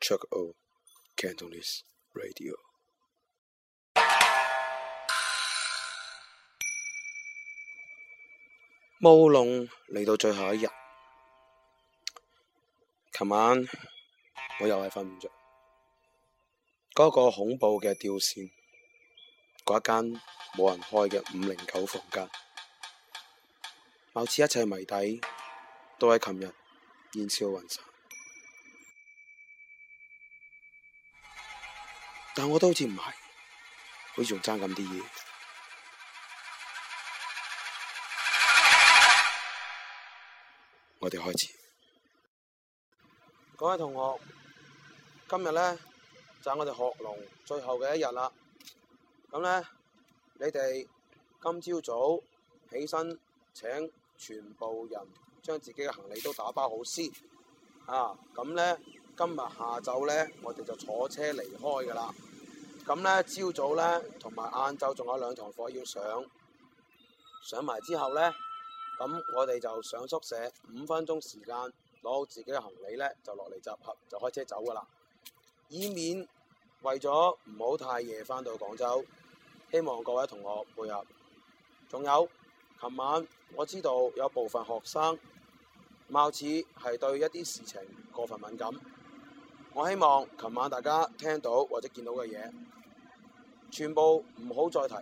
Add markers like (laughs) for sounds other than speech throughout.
Check out Cantonese Radio 霧龍嚟到最後一日，琴晚我又係瞓唔着，嗰、嗰個恐怖嘅吊扇，嗰一間冇人開嘅五零九房間，貌似一切謎底都喺琴日煙消雲散。但我都好似唔係，好似仲爭咁啲嘢。我哋開始。各位同學，今日咧，就係我哋學龍最後嘅一日啦。咁咧，你哋今朝早，早起身，請全部人將自己嘅行李都打包好先。啊，咁咧，今日下晝咧，我哋就坐車離開㗎喇。咁呢朝早呢，同埋晏晝仲有兩堂課要上，上埋之後呢，咁我哋就上宿舍，五分鐘時間攞好自己嘅行李呢，就落嚟集合，就開車走噶啦，以免為咗唔好太夜翻到廣州。希望各位同學配合。仲有，琴晚我知道有部分學生貌似係對一啲事情過分敏感。我希望琴晚大家聽到或者見到嘅嘢。全部唔好再提，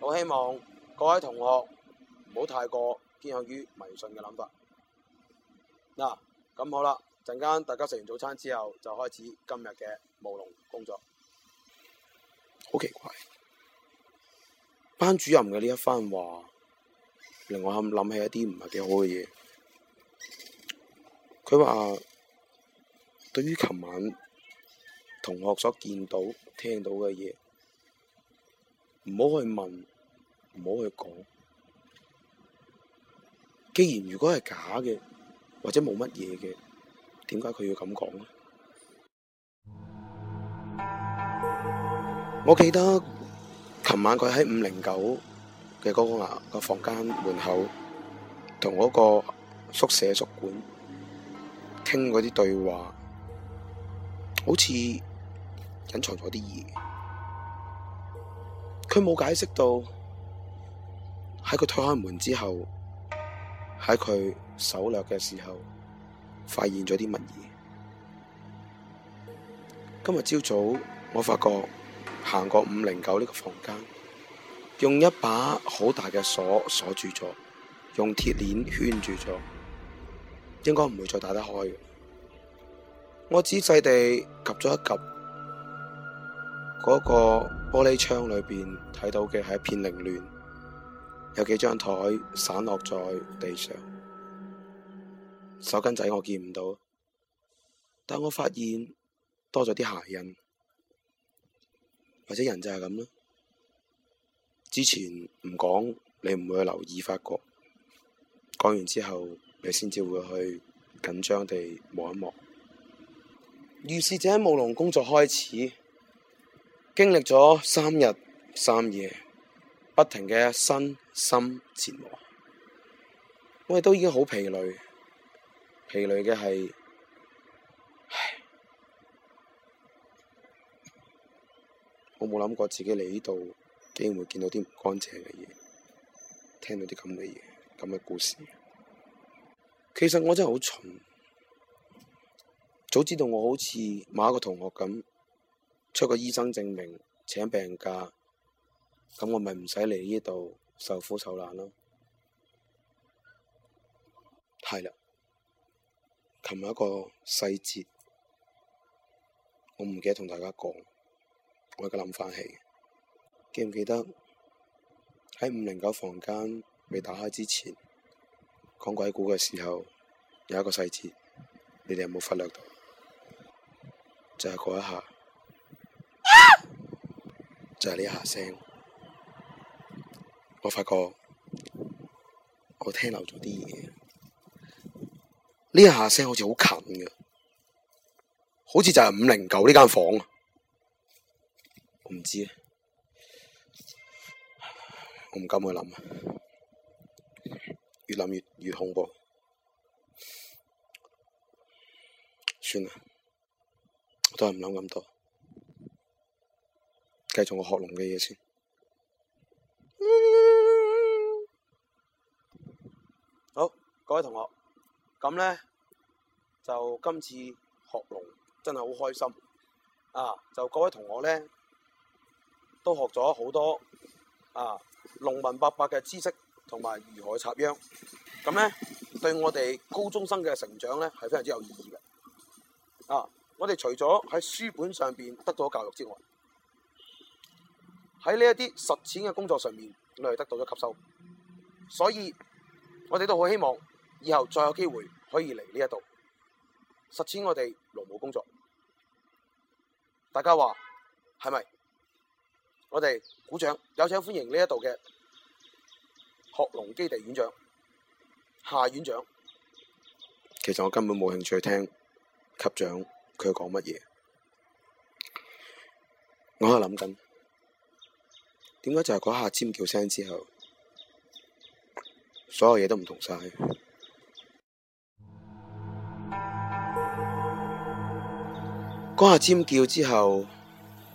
我希望各位同學唔好太過偏向於迷信嘅諗法。嗱，咁好啦，陣間大家食完早餐之後，就開始今日嘅務農工作。好奇怪，班主任嘅呢一番話，令我諗諗起一啲唔係幾好嘅嘢。佢話，對於琴晚同學所見到、聽到嘅嘢。唔好去問，唔好去講。既然如果係假嘅，或者冇乜嘢嘅，點解佢要咁講咧？ (noise) 我記得琴晚佢喺五零九嘅嗰個啊個房間門口，同我個宿舍宿管傾嗰啲對話，好似隱藏咗啲嘢。佢冇解釋到，喺佢推開門之後，喺佢手掠嘅時候，發現咗啲乜嘢？今日朝早，我發覺行過五零九呢個房間，用一把好大嘅鎖鎖住咗，用鐵鏈圈住咗，應該唔會再打得開嘅。我仔細地 𥄫 咗一 𥄫。嗰個玻璃窗裏邊睇到嘅係一片凌亂，有幾張台散落在地上，手巾仔我見唔到，但我發現多咗啲鞋印，或者人就係咁啦。之前唔講，你唔會去留意發覺，講完之後你先至會去緊張地望一望。於是者喺霧龍工作開始。經歷咗三日三夜，不停嘅身心折磨，我哋都已經好疲累。疲累嘅係，唉，我冇諗過自己嚟呢度，竟然會見到啲唔乾淨嘅嘢，聽到啲咁嘅嘢，咁嘅故事。其實我真係好蠢，早知道我好似某一個同學咁。出個醫生證明請病假，咁我咪唔使嚟呢度受苦受難咯。係啦，琴日一個細節，我唔記得同大家講，我而家諗返起。記唔記得喺五零九房間未打開之前講鬼故嘅時候，有一個細節，你哋有冇忽略到？就係嗰一下。就係呢下聲，我發覺我聽漏咗啲嘢，呢下聲好似好近嘅，好似就係五零九呢間房啊，唔知咧，我唔敢去諗啊，越諗越越恐怖，算啦，都係唔諗咁多。繼續我學農嘅嘢先。好，各位同學，咁呢就今次學農真係好開心。啊，就各位同學呢，都學咗好多啊，農民伯伯嘅知識同埋如何插秧，咁呢對我哋高中生嘅成長呢係非常之有意義嘅。啊，我哋除咗喺書本上面得到教育之外。喺呢一啲實踐嘅工作上面，我哋得到咗吸收，所以我哋都好希望以後再有機會可以嚟呢一度實踐我哋勞務工作。大家話係咪？我哋鼓掌，有請歡迎呢一度嘅學農基地院長夏院長。其實我根本冇興趣去聽，級長佢講乜嘢，我喺度諗緊。點解就係嗰下尖叫聲之後，所有嘢都唔同晒。嗰下尖叫之後，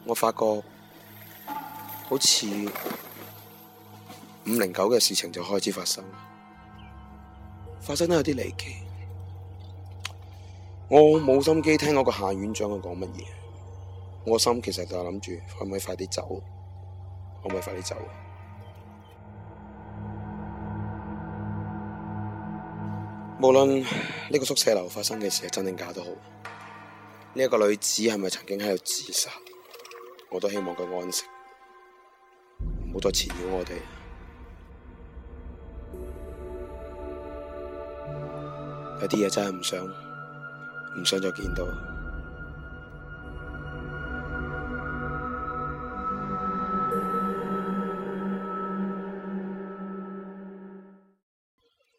我發覺好似五零九嘅事情就開始發生，發生得有啲離奇。我冇心機聽嗰個下院長佢講乜嘢，我心其實就係諗住可唔可以快啲走。可唔可以快啲走啊。無論呢個宿舍樓發生嘅事係真定假都好，呢一個女子係咪曾經喺度自殺？我都希望佢安息，唔好再纏繞我哋。有啲嘢真係唔想，唔想再見到。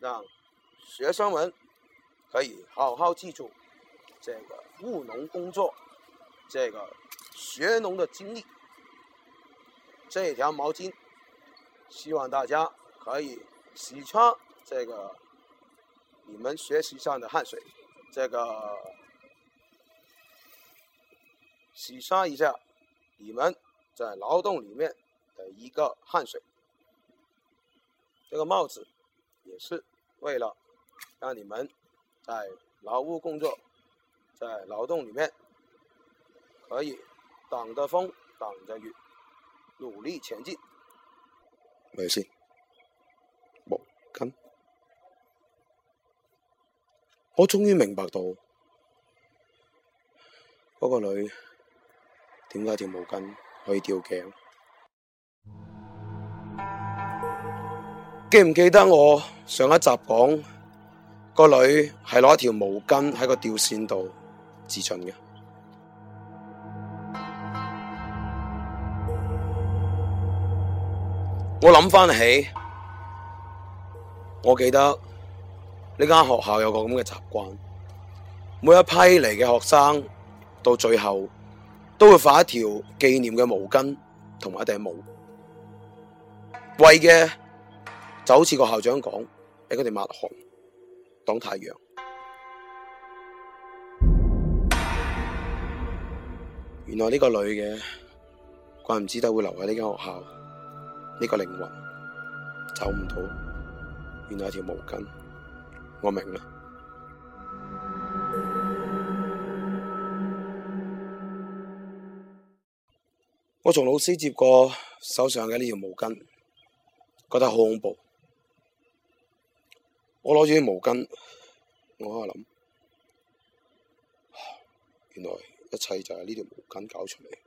讓學生們可以好好記住這個務農工作，這個學農的經歷。這條毛巾希望大家可以洗刷這個你們學習上的汗水，這個洗刷一下你們在勞動裏面的一個汗水。這個帽子也是。為了讓你們在勞務工作、在勞動裏面可以擋得風、擋得雨，努力前進。冇事，毛巾。我終於明白到嗰個女點解條毛巾可以吊頸。記唔記得我上一集講個女係攞一條毛巾喺個吊扇度自盡嘅？我諗翻起，我記得呢間學校有個咁嘅習慣，每一批嚟嘅學生到最後都會發一條紀念嘅毛巾同埋一頂帽，為嘅。就好似個校長講，畀佢哋抹汗擋太陽。原來呢個女嘅，怪唔知得會留喺呢間學校，呢個靈魂走唔到。原來係條毛巾，我明啦。 (music) 我從老師接過手上嘅呢條毛巾，覺得好恐怖。我攞住毛巾，我喺度諗，原來一切就係呢條毛巾搞出嚟，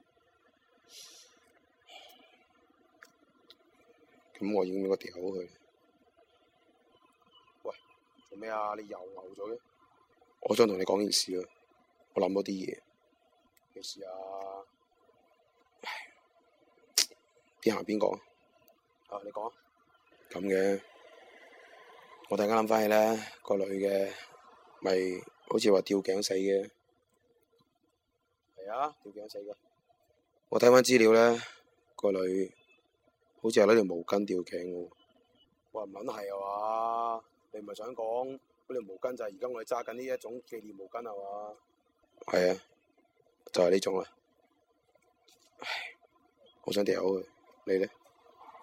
咁寒冷我要唔要我掉佢？喂，做咩啊，啊？你又流咗嘅？我想同你講件事咯，我諗咗啲嘢。咩事啊？邊行邊講。啊，你講。咁嘅。我大家諗翻起咧，個女嘅咪好似話吊頸死嘅。係啊，吊頸死嘅。我睇翻資料咧，個女好似係呢條毛巾吊頸嘅。喂，唔卵係啊嘛？你唔係想講嗰條毛巾就係而家我哋揸緊呢一種紀念毛巾啊嘛？係啊，就係呢種啊。唉，我想掉佢，你咧？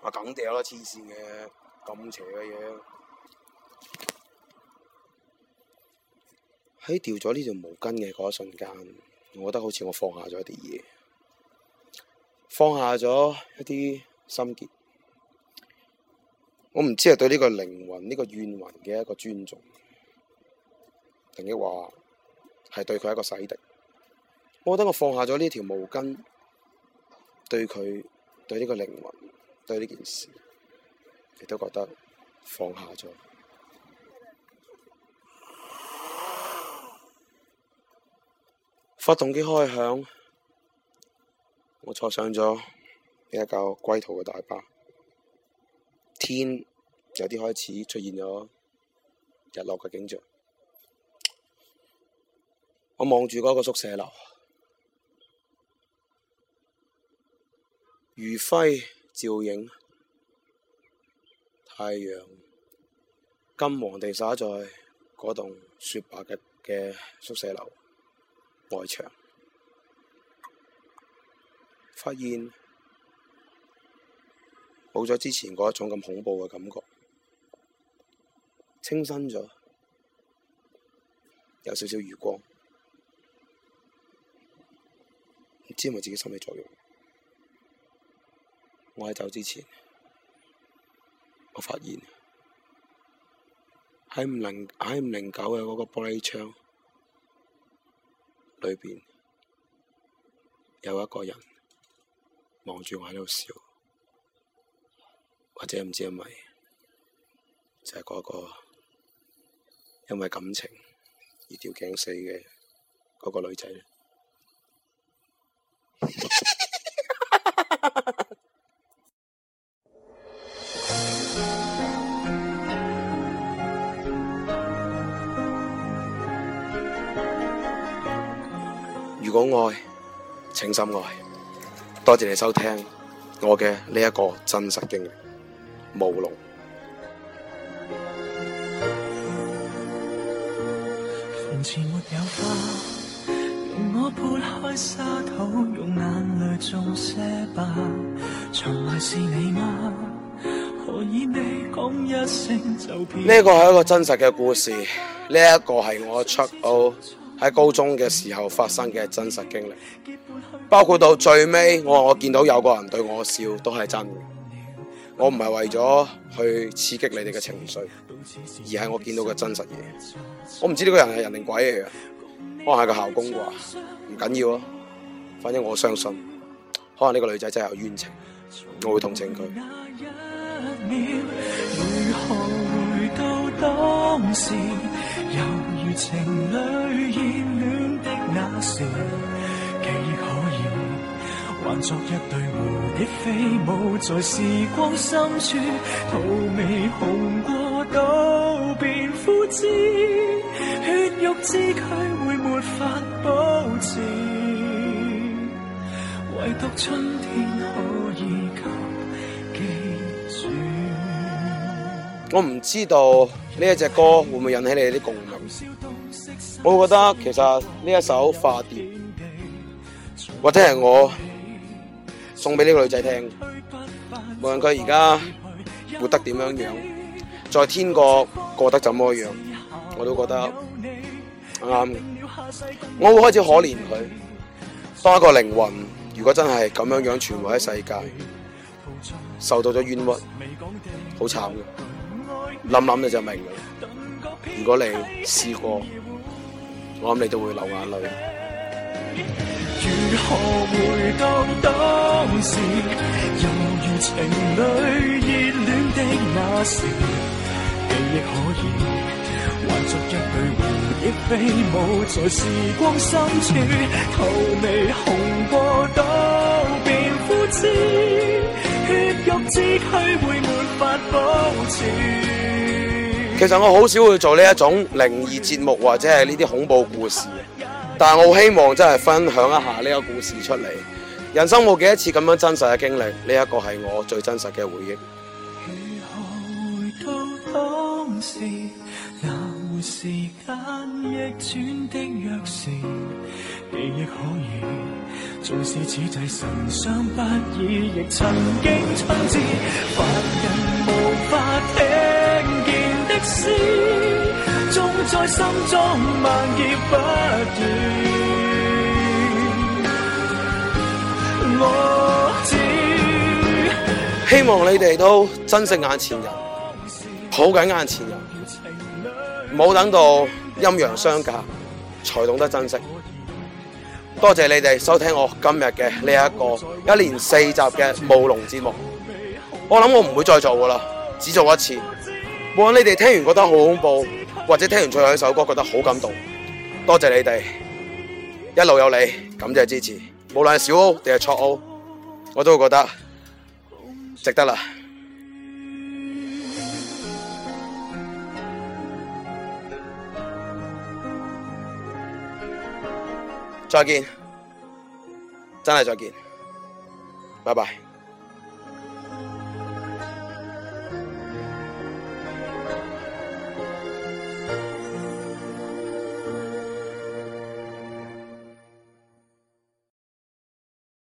我梗掉啦，黐線嘅，咁邪嘅嘢。喺掉咗呢條毛巾嘅嗰一瞬間，我覺得好似我放下咗一啲嘢，放下咗一啲心結。我唔知係對呢個靈魂、呢個怨魂嘅一個尊重，定亦話係對佢一個洗滌。我覺得我放下咗呢條毛巾，對佢、對呢個靈魂、對呢件事，亦都覺得放下咗。發動機開響，我坐上咗呢一架歸途嘅大巴。天有啲開始出現咗日落嘅景象，我望住嗰個宿舍樓，餘暉照映，太陽金黃地灑在嗰棟雪白嘅嘅宿舍樓。外牆發現冇咗之前嗰一種咁恐怖嘅感覺，清新咗，有少少餘光，唔知係咪自己心理作用。我喺走之前，我發現喺五零喺五零九嘅嗰個玻璃窗。裏邊有一個人望住我喺度笑，或者唔知係咪就係嗰個因為感情而吊頸死嘅嗰個女仔咧。 (laughs) 如果愛，請深愛。多謝你收聽我嘅呢、啊、一,一個真實經歷，霧龍。呢個係一個真實嘅故事，呢一個係我出奧。喺高中嘅時候發生嘅真實經歷，包括到最尾，我話我見到有個人對我笑都係真嘅。我唔係為咗去刺激你哋嘅情緒，而係我見到嘅真實嘢。我唔知呢個人係人定鬼嚟嘅？可能係個校工啩，唔緊要咯。反正我相信，可能呢個女仔真係有冤情，我會同情佢。如何猶如情侶熱戀的那時記憶可以還作一對蝴蝶飛舞，在時光深處，荼薇紅過都變枯枝。血肉之軀會沒法保持，唯獨春天可以給記住。我唔知道。呢一隻歌會唔會引起你啲共鳴？我會覺得其實呢一首化蝶，或者係我送俾呢個女仔聽，無論佢而家活得點樣樣，在天國過得怎麼樣，我都覺得啱嘅。我會開始可憐佢，當一個靈魂，如果真係咁樣樣存活喺世界，受到咗冤屈，好慘嘅。諗諗你就明噶啦，如果你試過，我諗你都會流眼淚。其實我好少去做呢一種靈異節目或者係呢啲恐怖故事，但係我希望真係分享一下呢個故事出嚟。人生冇幾多次咁樣真實嘅經歷，呢一個係我最真實嘅回憶。 (music) 你亦可以，縱使此際神傷不已，亦曾經凡人無法聽見的在心中不，我知，希望你哋都珍惜眼前人，好緊眼前人，冇等到陰陽相隔，才懂得珍惜。多謝你哋收聽我今日嘅呢一個一連四集嘅《霧龍》節目，我諗我唔會再做噶啦，只做一次。無論你哋聽完覺得好恐怖，或者聽完最後呢首歌覺得好感動，多謝你哋一路有你，感謝支持。無論係小屋定係初屋，我都會覺得值得啦。再見，真係再見，拜拜。